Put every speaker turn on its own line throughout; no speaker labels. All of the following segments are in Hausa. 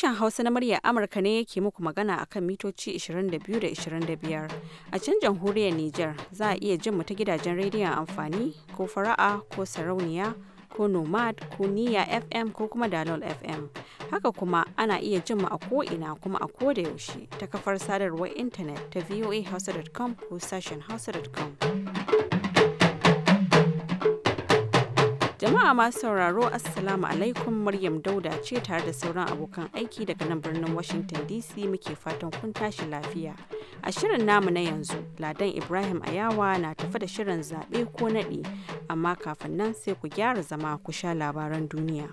Sashen Hausa na muryar Amurka ne yake muku magana a kan mitoci 22 da 25. A can jamhuriyar Nijar za a iya jin mu ta gidajen rediyon amfani ko fara'a ko sarauniya ko nomad ko niya FM ko kuma dalol FM. Haka kuma ana iya jin mu a ko'ina kuma a koda yaushe ta kafar sadarwar intanet ta voahausa.com ko sashen hausa.com. Jama'a masu sauraro Assalamu alaikum Maryam Dauda ce tare da sauran abokan aiki daga nan birnin Washington DC muke fatan kun tashi lafiya. A shirin namu na yanzu, Ladan Ibrahim Ayawa na tafi da shirin zaɓe ko naɗe, amma kafin nan sai ku gyara zama ku sha labaran duniya.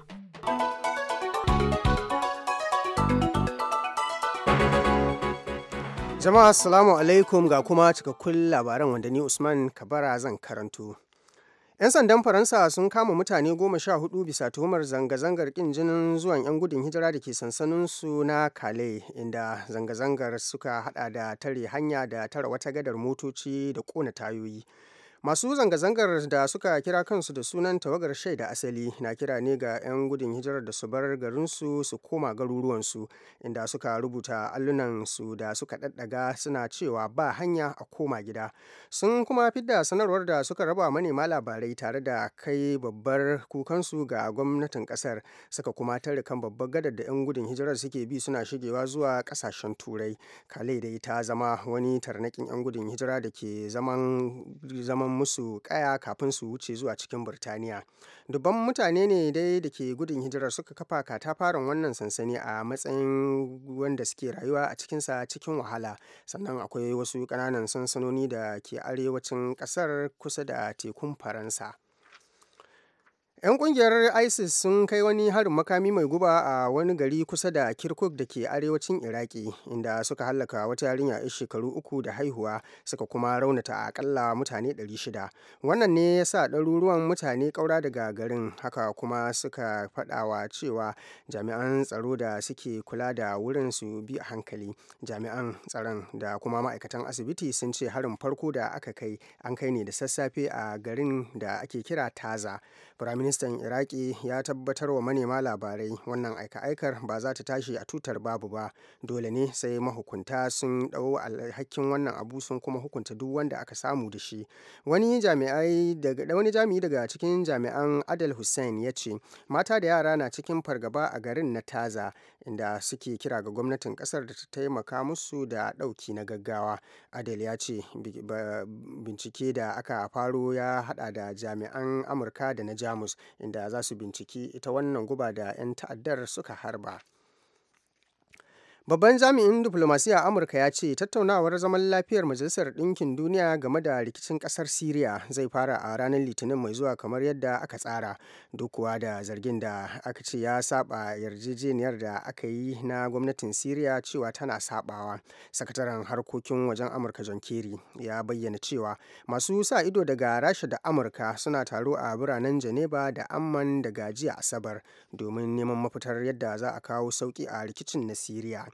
Jama'a Assalamu alaikum ga kuma cikakkun labaran wanda ni Usman Kabara zan karanto. 'Yan sandan Faransa sun kama mutane goma sha hudu bisa tuhumar zanga-zangar kin jinin zuwan 'yan gudun hijira da ke sansaninsu na Calais, inda zanga-zangar suka hada da tare hanya da tara wata gadar motoci da kona tayoyi. masu zanga-zangar da suka kira kansu da sunan tawagar shaida asali na kira ne ga 'yan gudun hijirar da su bar garinsu su koma garuruwansu inda suka rubuta allunansu da suka daddaga suna cewa ba hanya a koma gida sun kuma fidda sanarwar da suka raba manema labarai tare da kai babbar kukansu ga gwamnatin kasar suka kuma tare kan babbar gadar da 'yan gudun hijirar suke bi suna shigewa zuwa kasashen turai kalai dai ta zama wani tarnakin 'yan gudun hijira da ke zaman saman musu kaya kafin su wuce zuwa cikin Burtaniya. Dubban mutane ne dai da ke gudun hijirar suka kafa katafaren wannan sansani a matsayin wanda suke rayuwa a cikinsa cikin wahala. Sannan akwai wasu ƙananan sansanoni da ke arewacin ƙasar kusa da tekun Faransa. 'Yan ƙungiyar ISIS sun kai wani harin makami mai guba a wani gari kusa da Kirkuk da ke arewacin Iraki, inda suka hallaka wata yarinya a shekaru uku da haihuwa suka kuma raunata a akalla mutane 600. Wannan ne ya sa ɗaruruwan mutane ƙaura daga garin, haka kuma suka faɗawa cewa jami'an tsaro da suke kula da wurin su bi a hankali. Jami'an tsaron da kuma ma'aikatan asibiti sun ce harin farko da aka kai an kai ne da sassafe a garin da ake kira Taza. Firamin Ministan Iraki ya tabbatar wa manema labarai wannan aika-aikar ba za ta tashi a tutar babu ba, dole ne sai mahukunta sun ɗau alhakin wannan abu sun kuma hukunta duk wanda aka samu da shi. Wani jami'i daga cikin jami'an Adal Hussein ya ce, mata da yara na cikin fargaba a garin na Taza, inda suke kira ga gwamnatin ƙasar da ta taimaka musu da ɗauki na gaggawa. Adal ya ce, bincike da aka faro ya haɗa da jami'an Amurka da na Jamus inda za su binciki ita wannan guba da 'yan ta'addar suka harba. Babban jami'in diflomasiyya Amurka ya ce tattaunawar zaman lafiyar Majalisar Ɗinkin Duniya game da rikicin ƙasar Siriya zai fara a ranar Litinin mai zuwa kamar yadda aka tsara, duk kuwa da zargin da aka ce ya saba yarjejeniyar da aka yi na gwamnatin Siriya cewa tana sabawa. Sakataren harkokin wajen Amurka John Kerry ya bayyana cewa masu sa ido daga Rasha da Amurka suna taro a biranen Geneva da Amman daga jiya Asabar domin neman mafitar yadda za a kawo sauki a rikicin na Siriya.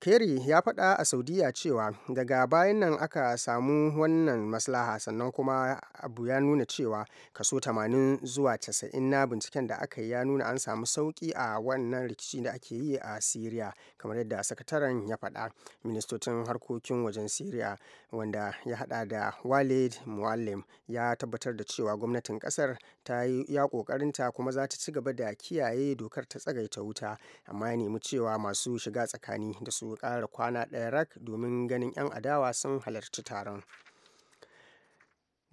Kerry ya faɗa a saudiya cewa daga bayan nan aka samu wannan maslaha sannan kuma abu ya nuna cewa kaso 80 zuwa 90 na binciken da aka yi ya nuna an samu sauki a wannan rikici da ake yi a syria kamar yadda sakataren ya faɗa. Ministocin harkokin wajen syria wanda ya haɗa da Walid Muallim ya tabbatar da cewa gwamnatin ƙasar ta yi ya ƙoƙarinta kuma za ta ci gaba da kiyaye dokar ta tsagaita wuta amma ya nemi cewa masu shiga tsakani da su su ƙara kwana ɗaya rak domin ganin 'yan adawa sun halarci taron.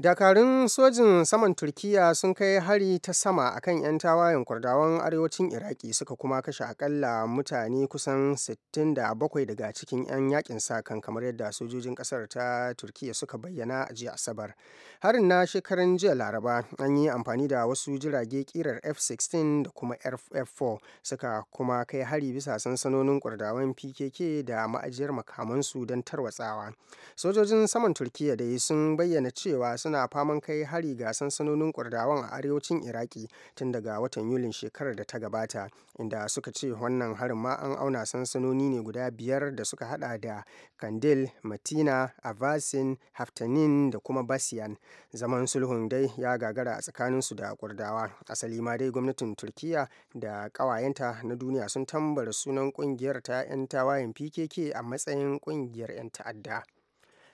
dakarun sojin saman turkiya sun kai hari ta sama akan 'yan tawayen kurdawan arewacin iraki suka kuma kashe akalla mutane kusan 67 daga cikin 'yan yakin sa kan kamar yadda sojojin kasar ta turkiya suka bayyana a jiya asabar harin na shekaran jiya laraba an yi amfani da wasu jirage kirar f-16 da kuma f-4 suka kuma kai hari bisa sansanonin kurdawan pkk da ma'ajiyar makamansu don tarwatsawa sojojin saman turkiya dai sun bayyana cewa suna faman kai hari ga sansanonin kurdawan a arewacin iraki tun daga watan yulin shekarar da ta gabata inda suka ce wannan harin ma an auna sansanoni ne guda biyar da suka hada da kandil matina avasin haftanin da kuma basiyan zaman sulhun dai ya gagara a tsakaninsu da kurdawa asali ma dai gwamnatin turkiya da kawayenta na duniya sun tambara sunan kungiyar ta 'yan tawayen pkk a matsayin kungiyar 'yan ta'adda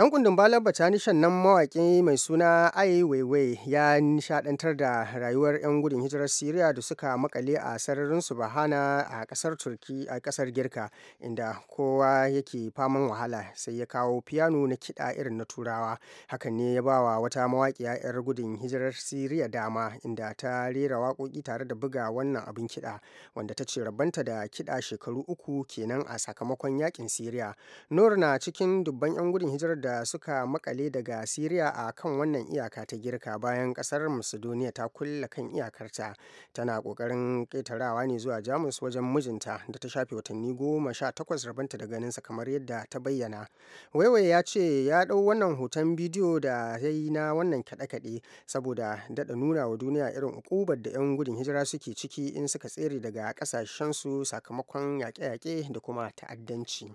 Ɗan kundin Bala Batanishan nan mawaƙi mai suna Ai Weiwei ya nishaɗantar da rayuwar 'yan gudun hijirar Siriya da suka makale a sararin bahana a ƙasar Turki a ƙasar Girka inda kowa yake faman wahala sai ya kawo fiyano na kiɗa irin na Turawa. Hakan ne ya bawa wata mawaƙiya 'yar gudun hijirar Siriya dama inda ta rera waƙoƙi tare da buga wannan abin kiɗa wanda ta ce rabanta da kiɗa shekaru uku kenan a sakamakon yaƙin Siriya. Nur na cikin dubban 'yan gudun hijirar da da suka makale daga Siriya a kan wannan iyaka ta girka bayan kasar Macedonia ta kulle kan iyakarta tana kokarin ketarawa ne zuwa Jamus wajen mijinta da ta shafe watanni goma sha takwas rabanta da ganinsa kamar yadda ta bayyana. Waiwai ya ce ya ɗau wannan hoton bidiyo da ya yi na wannan kaɗe-kaɗe saboda daɗa nuna wa duniya irin ukubar da 'yan gudun hijira suke ciki in suka tsere daga ƙasashensu sakamakon yaƙe-yaƙe da kuma ta'addanci.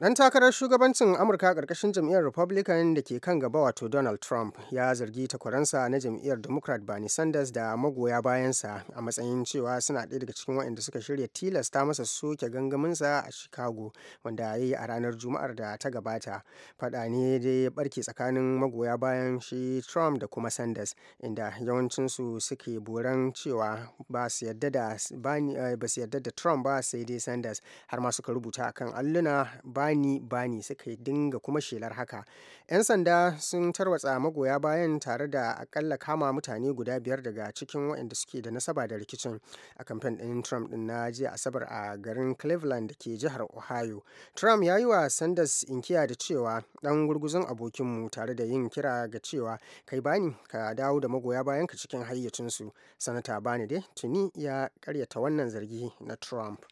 Dan takarar shugabancin Amurka ƙarƙashin jam'iyyar Republican da ke kan gaba wato Donald Trump ya zargi takwaransa na jam'iyyar Democrat Bernie Sanders da magoya bayansa a matsayin cewa suna ɗaya daga cikin waɗanda suka shirya tilasta masa soke gangaminsa a Chicago wanda ya yi a ranar Juma'ar da ta gabata. Faɗa ne dai ya barke tsakanin magoya bayan shi Trump da kuma Sanders inda yawancinsu suke boran cewa ba su yarda da eh, Trump ba sai dai Sanders har ma suka rubuta akan alluna ba bani bani suka dinga kuma shelar haka 'yan sanda sun tarwatsa magoya bayan tare da akalla kama mutane guda biyar daga cikin waɗanda suke da nasaba da rikicin a kamfen ɗin trump ɗin na jiya asabar a garin cleveland da ke jihar ohio trump ya yi wa sanders inkiya da cewa ɗan gurguzun abokinmu tare da yin kira ga cewa kai bani ka dawo da magoya bayan ka cikin hayyacinsu sanata bani dai tuni ya karyata wannan zargi na trump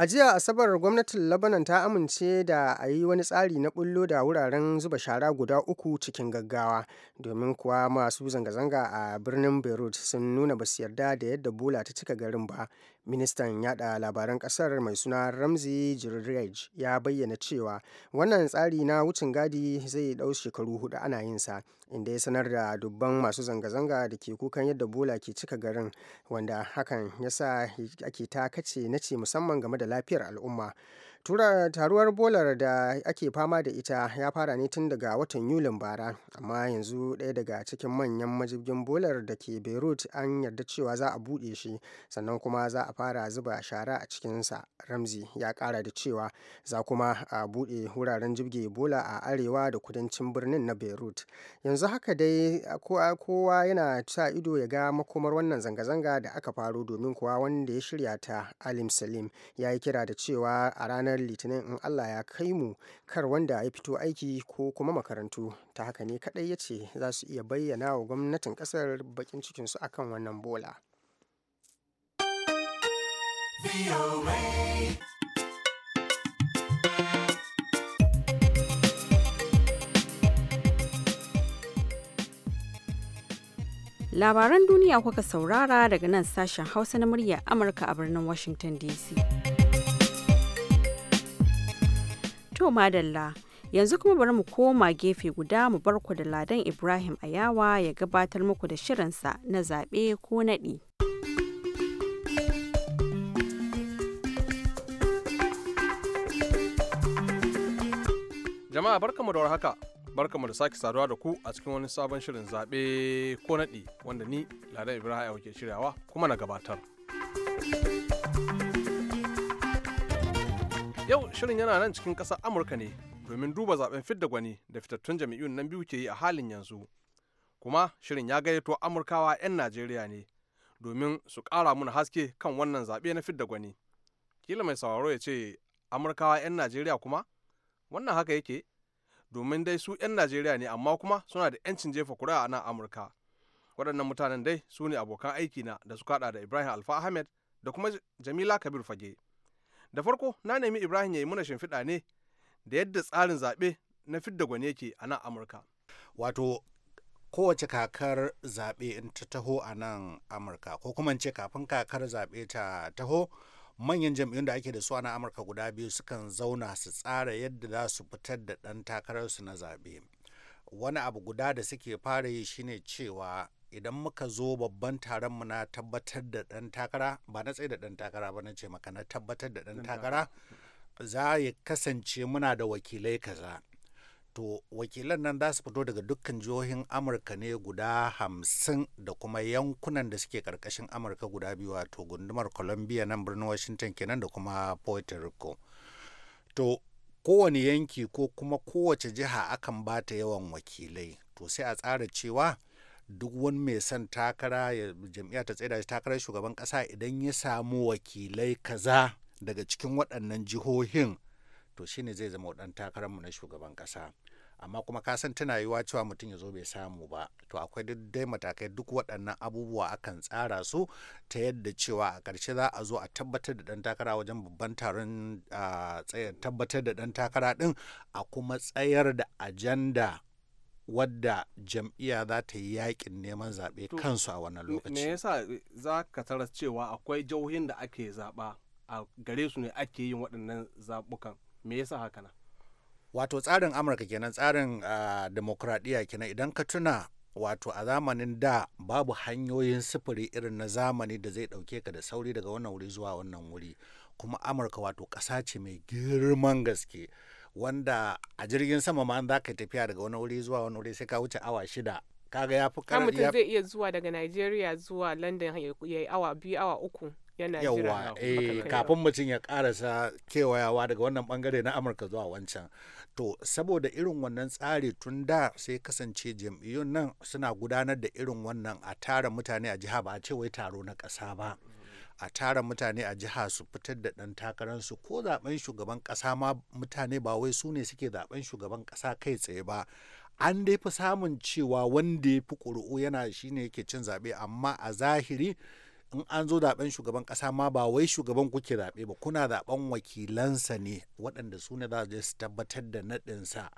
A jiya Asabar gwamnatin labanan ta amince da a yi wani tsari na bullo da wuraren zuba shara guda uku cikin gaggawa domin kuwa masu zanga-zanga a birnin Beirut sun nuna basu yarda da yadda bola ta cika garin ba ministan yada labaran kasar mai suna ramzi jirage ya bayyana cewa wannan tsari na wucin gadi zai dau shekaru hudu ana yinsa inda ya sanar da dubban masu zanga-zanga da ke kukan yadda bola ke cika garin wanda hakan ya sa ake takace na ce musamman game da lafiyar al'umma Tura taruwar bolar da ake fama da ita ya fara ne tun daga watan Yulin bara, amma yanzu ɗaya daga cikin manyan majibgin bolar da ke Beirut an yarda cewa za a buɗe shi sannan kuma za a fara zuba shara a cikinsa. Ramzi ya kara da cewa za kuma a buɗe wuraren jibge bola a arewa da kudancin birnin na Beirut. Yanzu haka dai kowa yana sa ido ya ga makomar wannan zanga-zanga da aka faro domin kuwa wanda ya shirya ta Alim Salim ya yi kira da cewa a ranar ranar litinin in allah ya kai mu kar wanda ya fito aiki ko kuma makarantu ta haka ne kadai ya ce za su iya bayyana wa gwamnatin kasar bakin cikinsu akan wannan bola
Labaran duniya kuka saurara daga nan sashen Hausa na muryar Amurka a birnin Washington DC. To madalla yanzu kuma bari mu koma gefe guda mu barku da ladan Ibrahim Ayawa ya gabatar muku da shirinsa na zaɓe ko naɗi.
Jama'a barkamu da warhaka. barkamu da sake saduwa da ku a cikin wani sabon shirin zaɓe ko naɗi wanda ni Ladan Ibrahim ke shiryawa kuma na gabatar. Yau shirin yana nan cikin ƙasar Amurka ne domin duba zaben fidda gwani da fitattun jami'un nan biyu ke yi a halin yanzu. Kuma shirin ya gayyato Amurkawa 'yan Najeriya ne domin su ƙara mun haske kan wannan zaɓe na fidda gwani. Kila mai sauraro ya ce Amurkawa 'yan Najeriya kuma? Wannan haka yake domin dai su 'yan Najeriya ne amma kuma suna da 'yancin jefa kuri'a a nan Amurka. Waɗannan mutanen dai su ne abokan aiki na da suka haɗa da Ibrahim Alfa Ahmed da kuma Jamila Kabir Fage. da farko na nemi ibrahim ya yi muna shimfiɗa ne da yadda tsarin zaɓe na
fidda gwani yake a nan amurka wato kowace kakar zaɓe in ta taho a nan amurka ko kuma ce kafin kakar zaɓe ta taho manyan jam'iyyun da ake da su a nan amurka guda biyu sukan zauna su tsara yadda za su fitar da ɗan takararsu na zaɓe wani abu guda da suke fara yi shine cewa idan muka zo babban taron mu na tabbatar da ɗan takara ba na tsaye da ɗan takara ba na ce maka na tabbatar da ɗan takara za ya kasance muna da wakilai kaza to wakilan nan za su fito daga dukkan jihohin amurka ne guda hamsin da kuma yankunan da suke karkashin amurka guda biyu wato gundumar columbia nan birnin washington kenan da kuma puerto rico to kowane yanki ko kuma kowace jiha akan bata yawan wakilai to sai a tsara cewa duk wani mai son takara ya jam'iyya ta da takarar shugaban kasa idan ya samu wakilai kaza daga cikin waɗannan jihohin to shine zai zama takarar mu na shugaban kasa amma kuma ka san tana yiwa cewa mutum ya zo bai samu ba to akwai dai matakai duk waɗannan abubuwa akan tsara su ta yadda cewa a ƙarshe za a zo a tabbatar da ɗan takara wajen babban taron ah, tabbatar da ɗan takara ɗin a kuma tsayar da ajanda wadda jam'iyya za ta yi yakin neman zaɓe kansu a wannan lokaci.
Me yasa za ka tara cewa akwai jauhin da ake zaɓa a gare su ne ake yin waɗannan zaɓukan me yasa haka na?
Wato tsarin Amurka kenan tsarin ah, demokradiyya kenan idan ka tuna wato a zamanin da babu hanyoyin sufuri irin na zamani da zai ɗauke ka da sauri daga wannan wuri zuwa wannan wuri kuma amurka wato ƙasa ce mai girman gaske wanda a jirgin sama ma za ka tafiya daga wani wuri zuwa wani wuri sai ka wuce awa shida kaga ya fi Kan mutum zai
iya zuwa daga Najeriya zuwa London ya yi awa biyu awa uku yana eh kafin
mutum ya karasa kewayawa daga wannan bangare na Amurka zuwa wancan to saboda irin wannan tsari tun da sai kasance jam'iyyun nan suna gudanar da irin wannan a tara mutane a jiha ba a ce wai taro na ƙasa ba a tara mutane a jiha su fitar da ɗan takararsu ko zaben shugaban ƙasa ma mutane ba wai su ne suke zaben shugaban ƙasa kai tsaye ba an dai fi samun cewa wanda ya fi ƙuri'u yana shi ne yake cin zaɓe amma a zahiri in an zo zaben shugaban ƙasa ma ba wai shugaban kuke zaɓe ba kuna zaɓen wakilansa ne waɗanda su ne za su tabbatar da naɗinsa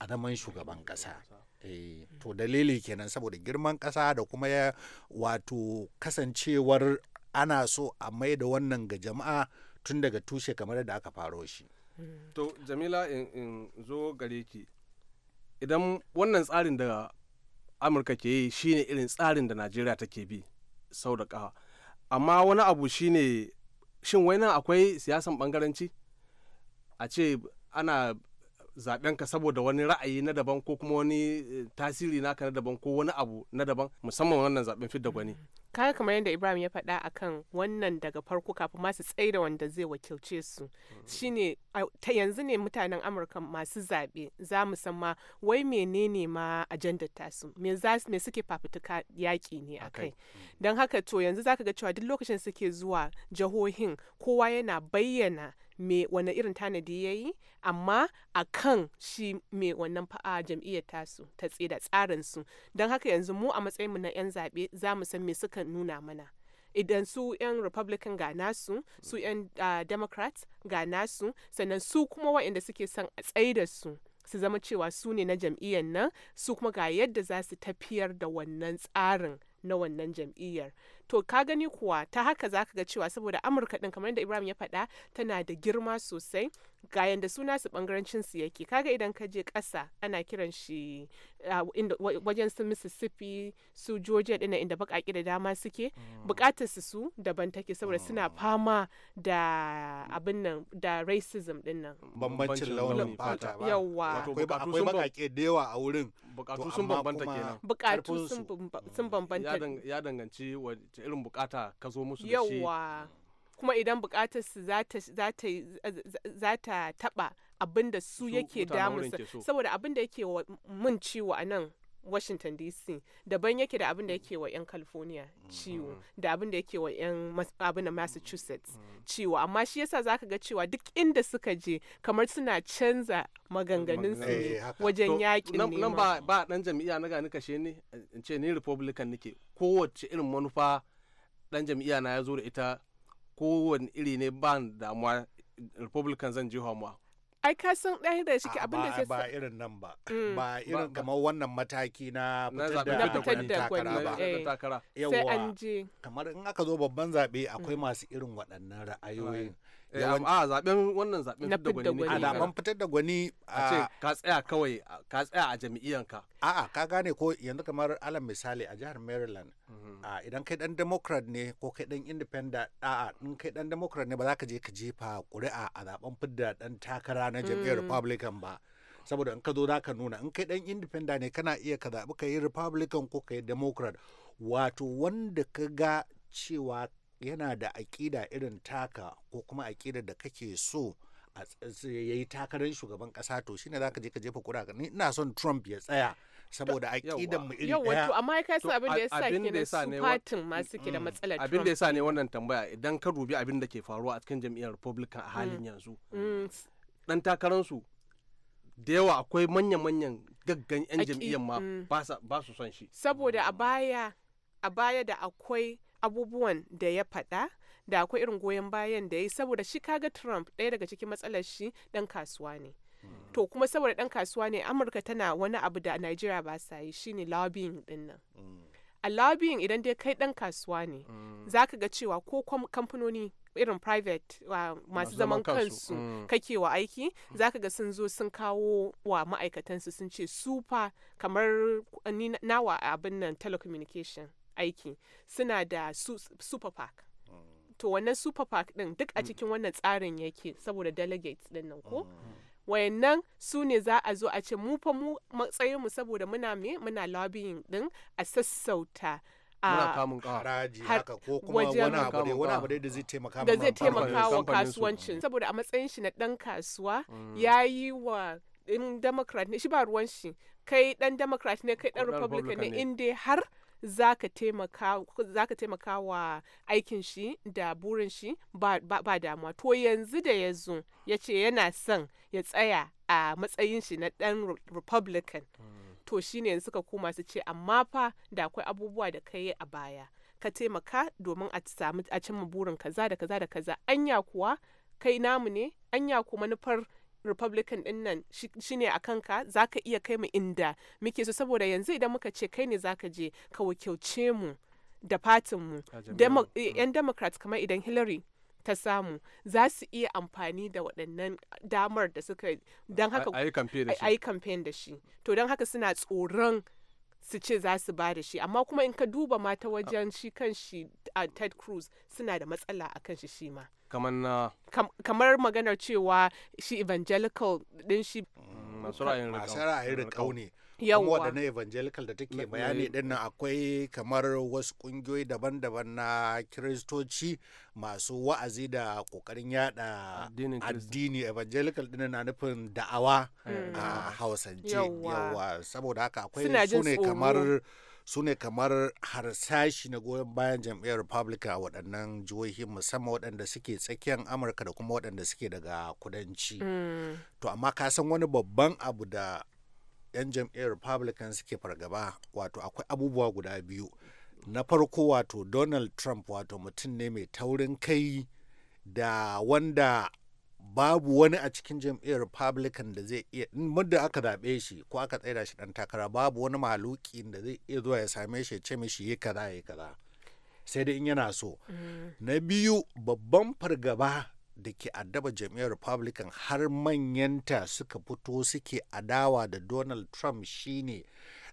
a zaman shugaban kasa eh, to dalili kenan saboda girman ƙasa da kuma ya wato kasancewar ana so a mai da wannan ga jama'a tun daga tushe kamar da aka faro shi
to jamila in zo gare ki idan wannan tsarin da amurka ke yi shine irin tsarin da najeriya take bi sau da ƙawa amma wani abu shine shin wai akwai siyasan bangaranci a ce ana zaben ka saboda wani ra'ayi na daban ko kuma wani eh, tasiri naka na daban ko wani abu na daban musamman wannan zaben fidda gwani
kaya kamar yadda ibrahim ya faɗa akan wannan daga farko kafin masu tsaida wanda zai wakilce su shine ta yanzu ne mutanen amurka masu zaɓe za mu san ma wai menene ma ajandar tasu me za me suke fafutuka yaƙi ne a kai. Mm. don haka to yanzu zaka ga cewa duk lokacin suke zuwa jihohin kowa yana bayyana me wani irin tanadi ya yi amma a kan shi me wannan fa'a jam'iyyar tasu ta tsarin su don haka yanzu mu a matsayinmu na 'yan zaɓe za mu san me suka nuna mana idan su 'yan republican ga nasu su 'yan democrats ga nasu sannan su kuma waɗanda suke son a da su su zama cewa su ne na jam'iyyar nan su kuma ga yadda za su tafiyar da wannan tsarin na wannan jam'iyyar to ka gani kuwa ta haka zaka ga cewa saboda amurka din kamar yadda ibrahim ya faɗa tana da girma sosai ga yanda suna su bangarancin su yake kaga idan ka je ƙasa ana kiran shi wajen su Mississippi su Georgia dina inda baƙaƙe da dama suke mm. buƙatar su su daban take saboda suna mm. fama da abin nan da racism dinnan mm.
bambancin launin fata ba yawa akwai baƙaƙe
da yawa a wurin bukatu sun bambanta kenan bukatu
sun bambanta
ya danganci irin bukata ka zo musu da shi yawa
kuma idan bukatar su za ta taba abin da su yake damunsa saboda abin da yake mun ciwo a nan washington dc daban yake da abin da yake wa 'yan california ciwo mm-hmm. da abin da yake wa 'yan abin massachusetts mm-hmm. ciwo amma shi yasa ka ga cewa duk inda suka je kamar suna canza maganganun su ne eh, wajen yakin nema nan
ba dan jam'iyya na gani kashe ne in ce ni republican nake kowace irin manufa dan jam'iyya na ya zo da ita kowane iri ne ba damuwa republican zan je hamuwa
ai ka san ɗaya da shi abin da ke ba
irin nan ba
mm. ba irin kamar wannan mataki na fitar da wani takara ba yawa kamar in aka zo babban zaɓe akwai mm. masu irin waɗannan ra'ayoyin Eh, a zaben wannan zaben fitar da gwani ne a zaben fitar da gwani a ce
ka tsaya kawai ka tsaya a jami'iyanka
a ka gane ko yanzu kamar alam misali a jihar Maryland mhm. a idan kai dan democrat ne ko kai dan independent a in kai dan democrat ne ba za ka je ka jefa ƙuri'a a zaben fitar dan takara na jam'iyyar mm. Republican ba saboda in ka zo za ka nuna in kai dan independent ne kana iya ka zaɓi ka yi Republican ko ka yi Democrat wato wanda ka ga cewa yana da aƙida irin taka ko kuma aƙidar da kake so ya yi takarar shugaban ƙasa to shine za ka je ka jefa kura ni ina son Trump ya tsaya saboda aƙidan mu irin daya yau amma kai san abin da ya sa ke
su fatin ma suke da matsalar abin da ya sa
ne wannan tambaya idan ka dubi abin da ke faruwa a cikin jam'iyyar Republican a halin mm. yanzu dan mm. takararsu da yawa akwai manya-manyan gaggan 'yan jam'iyyar ma mm. ba su son shi
saboda a baya a baya da akwai abubuwan da ya faɗa da akwai irin goyon bayan da ya yi saboda shi kaga trump ɗaya daga cikin matsalar shi ɗan kasuwa ne hmm. to kuma saboda ɗan kasuwa ne amurka tana wani abu da nigeria ba sa yi shine lobbying ɗin nan hmm. a lobbying idan dai kai ɗan kasuwa ne hmm. za ka ga cewa ko kamfanoni irin private masu zaman kansu kake wa aiki za ka ga sun zo sun kawo wa ma'aikatansu sun ce super kamar nawa abin nan telecommunication aiki suna da su, super park mm. to wannan super park din duk a mm. cikin wannan tsarin yake saboda delegates din nan ko mm. wayannan su ne za a zo a ce mu fa mu matsayin mu saboda muna me muna lobbying din a sassauta a
kamun haraji haka ko kuma wani abu dai wani abu da zai taimaka da zai taimaka wa kasuwancin
saboda a matsayin shi na dan kasuwa yayi wa in democrat ne shi ba ruwan shi kai dan democrat ne kai dan republican ne in dai har za ka taimaka wa aikin shi da burin shi ba, ba, ba damuwa to yanzu da ya zo ya ce yana son ya tsaya a matsayin shi na ɗan republican mm. to shi ne suka koma su ce amma fa da akwai abubuwa da kai a baya ka taimaka domin a samu a cimma burin kaza da kaza da kaza anya kuwa kai namu ne anya ku manufar republican din nan shine a kanka ka iya kai mu inda muke so saboda yanzu idan muka ce kai ne za ka je ka wakilce mu da fatin mu mm. eh, yan democrats kamar idan hillary ta samu za su iya amfani da waɗannan damar da suka don haka a yi kamfen da shi to don haka suna tsoron su ce za su ba da shi amma kuma in ka duba mata wajen shi kan shi a ted cruz suna da matsala a kan shi shi ma kamar na kamar maganar cewa shi evangelical din shi
mm, masu ra'ayin rikau ne yawwa waɗannan evangelical da take bayani din nan akwai kamar wasu ƙungiyoyi daban-daban na kiristoci masu wa'azi da ƙoƙarin yada addini evangelical din na nufin da'awa mm. a hausance yawwa saboda haka akwai su kamar su ne kamar harsashi na goyon bayan jam'iyyar republican a waɗannan jihohi musamman waɗanda suke tsakiyar amurka da kuma waɗanda suke daga kudanci mm. to amma ka san wani babban abu da 'yan jam'iyyar republican suke fargaba wato akwai abubuwa guda biyu na farko wato donald trump wato mutum ne mai taurin kai da wanda babu wani a cikin jam'iyyar republican da zai iya muddin aka zaɓe shi ko aka tsaida shi dan takara babu wani mahaluki da zai iya zuwa ya same shi ya ce mishi yi kaza yi kaza sai dai in yana so mm. na biyu babban fargaba da ke addaba jam'iyyar republican har manyanta suka fito suke adawa da donald trump shine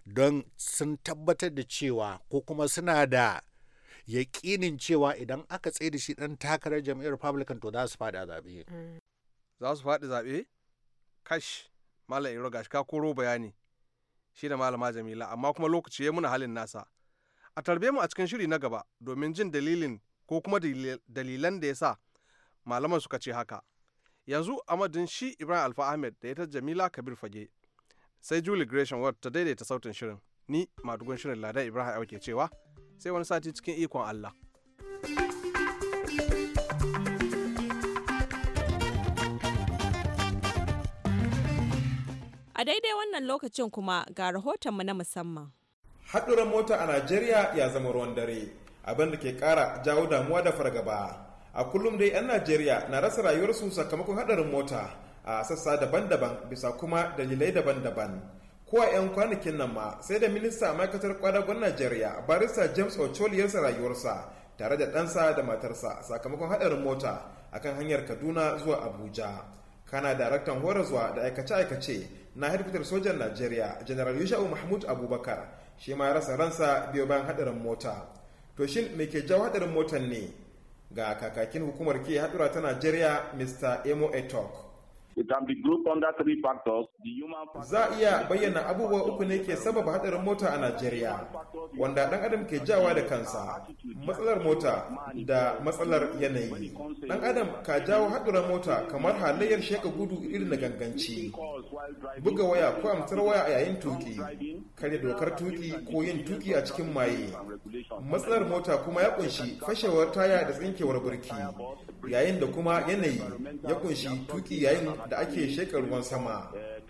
don sun tabbatar da cewa ko kuma suna da yaƙinin cewa idan aka tsaye da shi ɗan takarar jam'iyyar republican to za su faɗi a zaɓe za su faɗi zaɓe kash malam iro gashi ka koro bayani
shi da malama jamila amma kuma lokaci ya muna halin nasa a tarbe mu a cikin shiri na gaba domin jin dalilin ko kuma dalilan da ya sa malaman suka ce haka yanzu a shi ibrahim alfa ahmed da ita jamila kabir fage sai julie gresham ward ta daidaita sautin shirin ni madugun shirin ladan ibrahim auke cewa sai wani sati cikin ikon Allah.
A daidai wannan lokacin kuma ga rahotonmu na musamman.
Haɗuran mota a Najeriya ya zama ruwan dare, abin da ke ƙara jawo damuwa da fargaba. A kullum dai 'yan Najeriya na rasa rayuwarsu sakamakon haɗarin mota a sassa daban-daban bisa kuma dalilai daban-daban. ko a 'yan kwanakin nan ma sai da minista a ma'aikatar kwadagon najeriya barista james ocholi yarsa rayuwarsa tare da ɗansa da matarsa sakamakon haɗarin mota a kan hanyar kaduna zuwa abuja kana daraktan horaswa da aikace-aikace na hedkwatar sojan najeriya general yusha'u mahmud abubakar shi ma rasa ransa biyo bayan haɗarin mota to shin me ke jawo haɗarin motan ne ga kakakin hukumar ke haɗura ta najeriya mr emo etok Za a iya bayyana abubuwa uku ne ke sababa hadarin mota a Najeriya, wanda ɗan adam ke jawa da kansa, matsalar mota da matsalar yanayi. Ɗan adam ka jawo hadarin mota kamar halayyar sheka gudu irin na ganganci, buga waya ko amsar waya a yayin tuki, karya dokar tuki ko yin tuki a cikin maye. Matsalar mota kuma ya kunshi fashewar taya da tsinkewar burki. yayin da kuma yanayi ya kunshi tuki yayin da ake shekar ruwan sama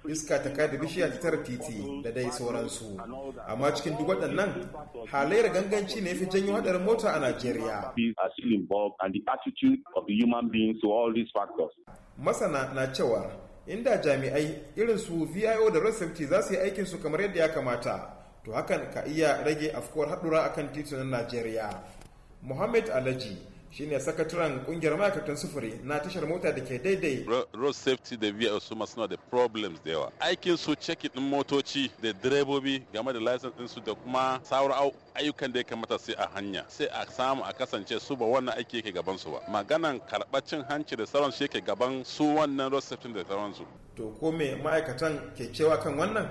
iska ta kada bishiya ta tara titi da dai sauransu amma cikin duk waɗannan halayyar ganganci ne fi janyo haɗarin mota a najeriya masana na cewa inda jami'ai irin su vio da road safety za su yi aikin su kamar yadda ya kamata to hakan ka iya rage afkuwar haɗura akan titunan najeriya muhammad alaji. shine sakataren kungiyar ma'aikatan sufuri na tashar mota da ke daidai. Road safety da VIA su masu suna da problems da yawa. Aikin su ceki din motoci da direbobi game da license din su da kuma sauran ayyukan da ya kamata sai a hanya sai a samu a kasance su ba wannan aiki yake gaban su ba. Maganan cin hanci da sauran shi yake gaban su wannan road safety da su To ko me ma'aikatan ke cewa kan wannan?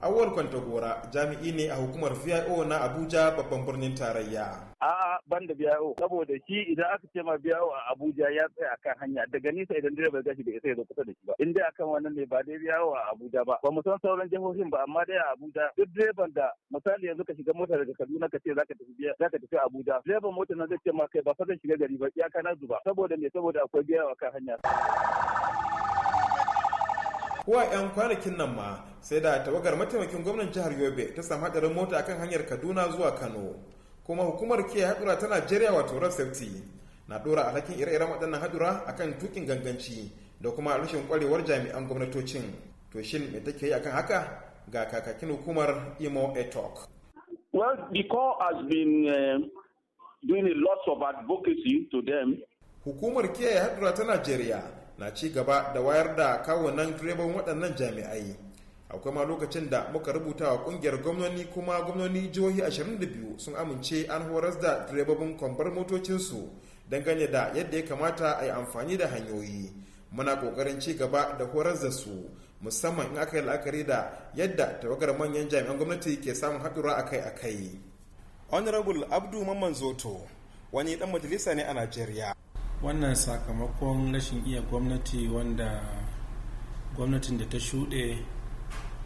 kwanta kwantagora jami'i ne a hukumar vio na abuja babban birnin tarayya
a'a ban da VIO, saboda shi idan aka ce ma VIO a abuja ya tsaya akan hanya daga nisa idan direba gashi da isa ya zo kusa da shi ba in dai akan wannan ne ba dai VIO a abuja ba ba mu san sauran jihohin ba amma dai a abuja duk direban da misali yanzu ka shiga mota daga kaduna ka ce zaka tafi biya zaka tafi abuja direban mota na zai ce ma kai ba fa zan shiga gari ba iyaka na zuba saboda me saboda akwai VIO akan hanya
kuwa 'yan kwanakin nan ma sai da tawagar mataimakin gwamnan jihar yobe ta samu hadarin mota akan hanyar kaduna zuwa kano kuma hukumar ke haɗura ta najeriya wato road safety na ɗora alhakin ire-iren waɗannan haɗura akan tukin ganganci da kuma rashin kwarewar jami'an gwamnatocin to shin me take yi akan haka ga kakakin hukumar imo etok
well biko has been uh,
doing a lot of advocacy to them hukumar kiyaye haɗura ta najeriya na ci gaba da wayar da kawunan direban waɗannan jami'ai akwai ma lokacin da muka rubuta wa kungiyar gwamnoni kuma gwamnoni jihohi 22 sun amince an horas da direbobin kwambar motocinsu dangane da yadda ya kamata a yi amfani da hanyoyi muna kokarin ci gaba da horas da su musamman in aka yi la'akari da yadda tawagar manyan jami'an gwamnati ke samun haɗura akai-akai honorable abdu mamman zoto wani dan majalisa ne a najeriya wannan sakamakon rashin iya gwamnati wanda gwamnatin da ta shuɗe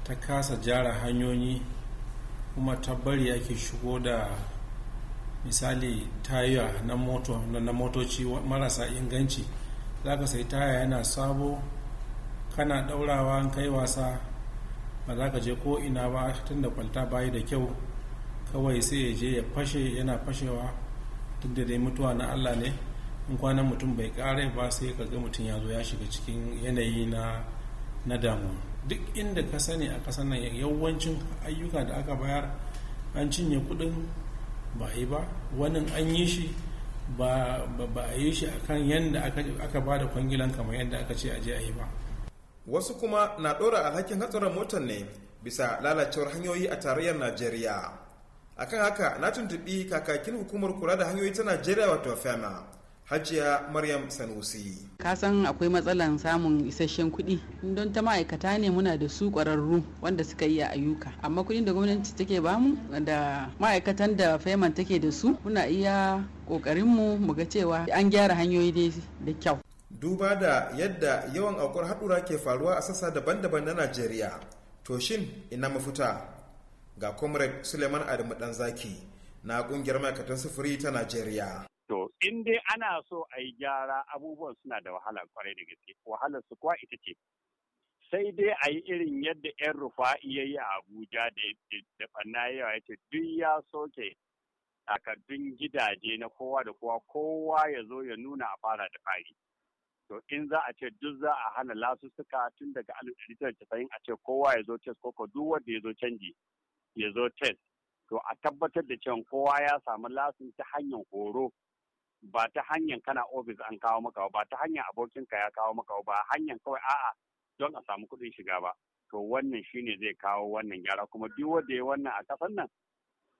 ta kasa jara hanyoyi kuma ta bari ake shigo da misali tayoyi na moto na motoci marasa inganci za ka sai taya yana sabo kana ɗaurawa an kai wasa ba za ka je ko ina ba da kwalta bayi da kyau kawai sai ya je ya fashe yana fashewa duk da dai mutuwa na allah ne in kwanan mutum bai kare ba sai ka ga mutum ya zo ya shiga cikin yanayi na na damuwa duk inda ka sani a ƙasar nan yawancin ayyuka da aka bayar an cinye kuɗin ba yi ba wannan an yi shi ba a yi shi kan yadda aka ba da kwangilan kamar yadda aka ce a je a yi ba wasu kuma na ɗora alhakin hatsarin motar ne bisa lalacewar hanyoyi a tarayyar najeriya akan haka na tuntuɓi kakakin hukumar kula da hanyoyi ta najeriya wato fema Hajiya Maryam Sanusi.
Ka san akwai
matsalar samun isasshen kuɗi. Don ta ma'aikata ne muna da su ƙwararru wanda suka yi
a ayyuka. Amma kuɗin da gwamnati take bamu da ma'aikatan da Feman take da su muna iya ƙoƙarinmu mu ga cewa an gyara hanyoyi da kyau. Duba da
yadda yawan aukuwar haɗura ke faruwa a sassa daban-daban na Najeriya. To shin ina mafuta Ga Comrade Suleiman Adamu Ɗanzaki na ƙungiyar ma'aikatan sufuri ta Najeriya.
in dai ana so a yi gyara abubuwan suna da wahala kwarai da gaske wahalar su kuwa ita ce sai dai a yi irin yadda yan rufa ya yi a abuja da banna yawa ya duk ya soke takardun gidaje na kowa da kowa kowa ya zo ya nuna a fara da fari to in za a ce duk za a hana lasussuka tun daga alif ɗari a ce kowa ya zo test koko duk wanda ya zo canji ya zo test to a tabbatar da cewa kowa ya samu lasin ta hanyar horo ba ta hanyar kana ofis an kawo maka ba ta hanyar abokinka ya kawo maka ba hanyar kawai a'a don a samu kuɗin shiga ba to wannan shine zai kawo wannan gyara kuma duk wanda ya wannan a kasan nan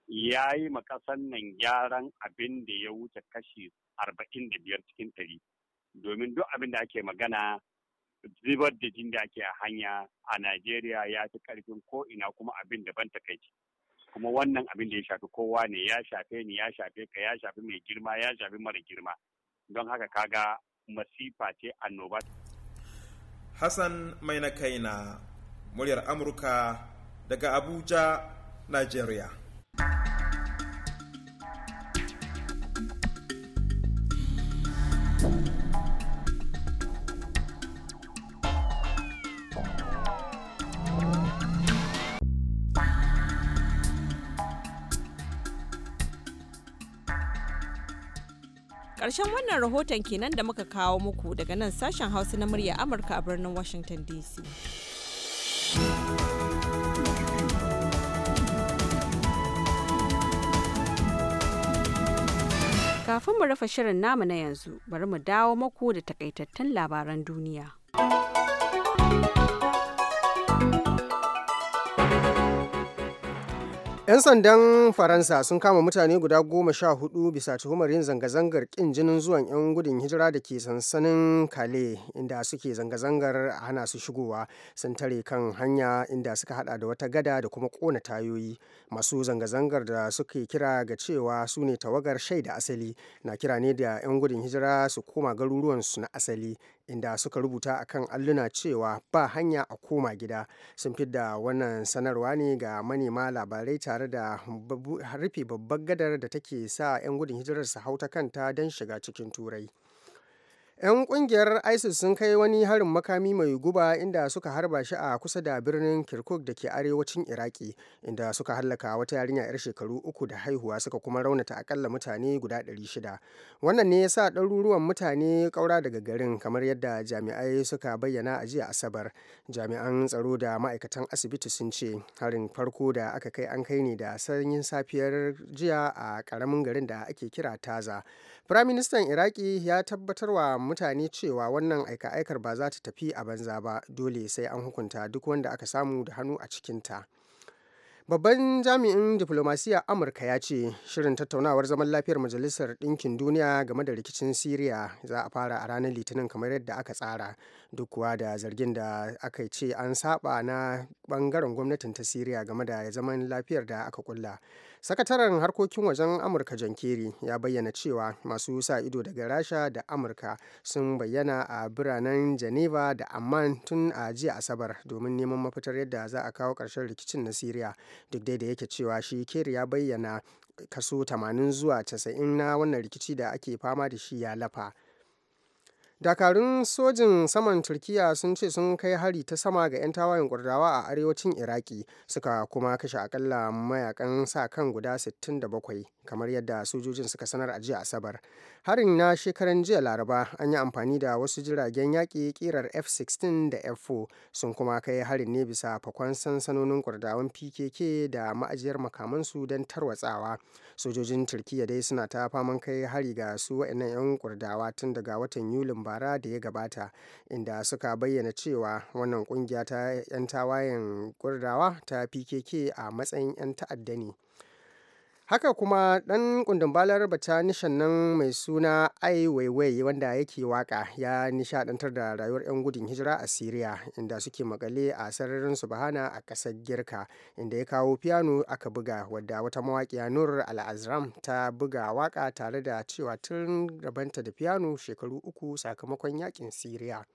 ya yi
ma kasan nan gyaran abin da ya wuce kashi arba'in da biyar cikin ɗari domin duk abin da ake magana zubar da jin da ake a hanya a Najeriya ya fi ƙarfin ko ina kuma abin da ban takaici. kuma wannan abin da ya shafi kowa ne ya shafe ni ya shafe ka ya shafi mai girma ya shafi mara girma don haka kaga masifa ce annoba
Hassan mai na kaina muryar Amurka daga Abuja Nigeria
karshen wannan rahoton kenan da muka kawo muku daga nan sashen Hausa na murya Amurka a birnin Washington DC. Kafin mu rufe shirin namu na yanzu, bari mu dawo muku da takaitattun labaran duniya.
'Yan sandan Faransa sun kama mutane guda goma sha hudu bisa tuhumar yin zanga-zangar ƙin jinin zuwan 'yan gudun hijira da ke sansanin Kale inda suke zanga-zangar a hana su shigowa sun tare kan hanya inda suka hada da wata gada da kuma kona tayoyi. Masu zanga-zangar da suke kira ga cewa su ne tawagar shaida asali na kira ne da 'yan gudun hijira su koma garuruwansu na asali inda suka rubuta a kan alluna cewa ba hanya a koma gida sun fi da wannan sanarwa ne ga manema labarai tare da rufe babbar gadar da take sa 'yan gudun hijirar su hau ta kanta don shiga cikin turai. 'yan kungiyar isis sun kai wani harin makami mai guba inda suka harba shi a kusa da birnin kirkuk da ke arewacin iraki inda suka hallaka wata yarinya 'yar shekaru uku da haihuwa suka kuma raunata akalla mutane guda ɗari shida wannan ne ya sa ɗaruruwan mutane kaura daga garin kamar yadda jami'ai suka bayyana a jiya asabar jami'an tsaro da ma'aikatan asibiti sun ce harin farko da aka kai an kai ne da sanyin safiyar jiya a ƙaramin garin da ake kira taza firaministan iraki ya tabbatarwa mutane cewa wannan aika-aikar ba za ta tafi a banza ba dole sai an hukunta duk wanda aka samu da hannu a cikinta. Babban jami'in diplomasiya Amurka ya ce shirin tattaunawar zaman lafiyar Majalisar Ɗinkin Duniya game da rikicin Siriya za a fara a ranar Litinin kamar yadda aka tsara duk kuwa da zargin da aka ce an saba na ɓangaren gwamnatin ta Siriya game da zaman lafiyar da aka kulla. sakataren harkokin wajen amurka john kerry ya bayyana cewa masu sa ido daga rasha da amurka sun bayyana a biranen geneva da amman tun a jiya asabar domin neman mafitar yadda za a kawo ƙarshen rikicin na syria duk dai da yake cewa shi kerry ya bayyana kaso 80 zuwa 90 na wannan rikici da ake fama da shi ya lafa dakarun sojin saman turkiya sun ce sun kai hari ta sama ga 'yan tawayen kurdawa a arewacin iraki suka kuma kashe akalla mayakan sa kan guda 67 kamar yadda sojojin suka sanar a jiya asabar harin na shekaran jiya laraba an yi amfani da wasu jiragen yaƙi kirar f-16 da f-4 sun kuma kai harin ne bisa fakon sansanonin kurdawan pkk da ma'ajiyar makamansu don tarwatsawa sojojin turkiya dai suna ta faman kai hari ga su waɗannan 'yan kurdawa tun daga watan yulin bara da ya gabata inda suka bayyana cewa wannan kungiya ta 'yan tawayen kurdawa ta pkk a matsayin 'yan ta'adda ne haka kuma ɗan kundumbalar nishan nan mai suna ai waiwai wanda yake waka ya nishadantar da rayuwar 'yan gudun hijira a syria inda suke makale a sararin subhana a kasar girka inda ya kawo piano aka buga wadda wata mawaƙiya nur azram ta buga waka tare da cewa tun rabanta da piano shekaru uku sakamakon yakin syria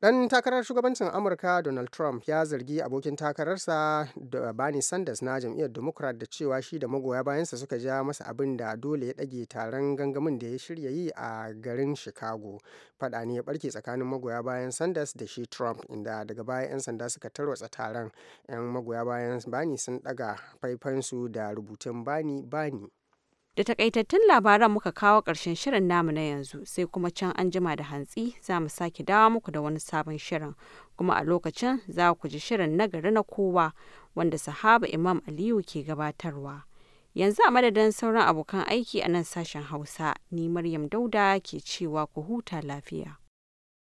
Dan takarar shugabancin Amurka Donald Trump ya zargi abokin takararsa da Bernie Sanders na jam'iyyar Democrat da cewa shi da magoya bayansa suka ja masa abin da dole ya ɗage taron gangamin da ya shirya yi a garin Chicago. Fada ne ya barke tsakanin magoya bayan Sanders da shi Trump inda daga baya 'yan sanda suka tarwatsa taron. 'Yan magoya bayan bani sun ɗaga faifansu da rubutun bani bani.
Da takaitattun labaran muka kawo ƙarshen shirin namu na yanzu sai kuma can an jima da hantsi za mu sake dawo muku da wani sabon shirin kuma a lokacin za ku ji shirin na gari na kowa wanda sahaba Imam Aliyu ke gabatarwa. Yanzu a madadin sauran abokan aiki a nan sashen Hausa, ni Maryam Dauda ke cewa ku huta lafiya.